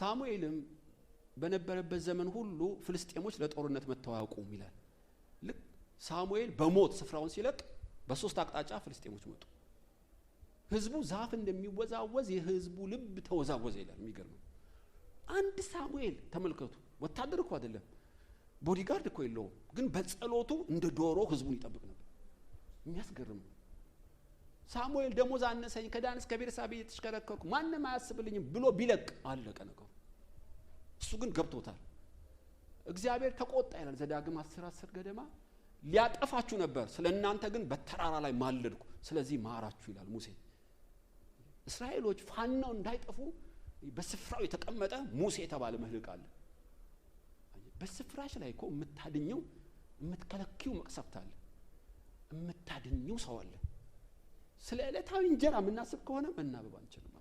ሳሙኤልም በነበረበት ዘመን ሁሉ ፍልስጤሞች ለጦርነት መጥተው ይላል። ልክ ሳሙኤል በሞት ስፍራውን ሲለቅ በሶስት አቅጣጫ ፍልስጤሞች መጡ። ህዝቡ ዛፍ እንደሚወዛወዝ የህዝቡ ልብ ተወዛወዘ ይላል። የሚገርመው አንድ ሳሙኤል ተመልከቱ፣ ወታደር እኮ አይደለም፣ ቦዲጋርድ እኮ የለውም፣ ግን በጸሎቱ እንደ ዶሮ ህዝቡን ይጠብቅ ነበር። የሚያስገርም ነው። ሳሙኤል ደሞዝ አነሰኝ፣ ከዳንስ እስከ የተሽከረከርኩ ማንም አያስብልኝም ብሎ ቢለቅ አለቀ ነገሩ። እሱ ግን ገብቶታል። እግዚአብሔር ተቆጣ ይላል ዘዳግም አስር አስር ገደማ ሊያጠፋችሁ ነበር፣ ስለ እናንተ ግን በተራራ ላይ ማለድኩ፣ ስለዚህ ማራችሁ ይላል ሙሴ። እስራኤሎች ፋናው እንዳይጠፉ በስፍራው የተቀመጠ ሙሴ የተባለ መልህቅ አለ። በስፍራሽ ላይ እኮ የምታድኘው የምትከለኪው መቅሰፍት አለ፣ የምታድኘው ሰው አለ። ስለ ዕለታዊ እንጀራ የምናስብ ከሆነ መናበብ አንችልም።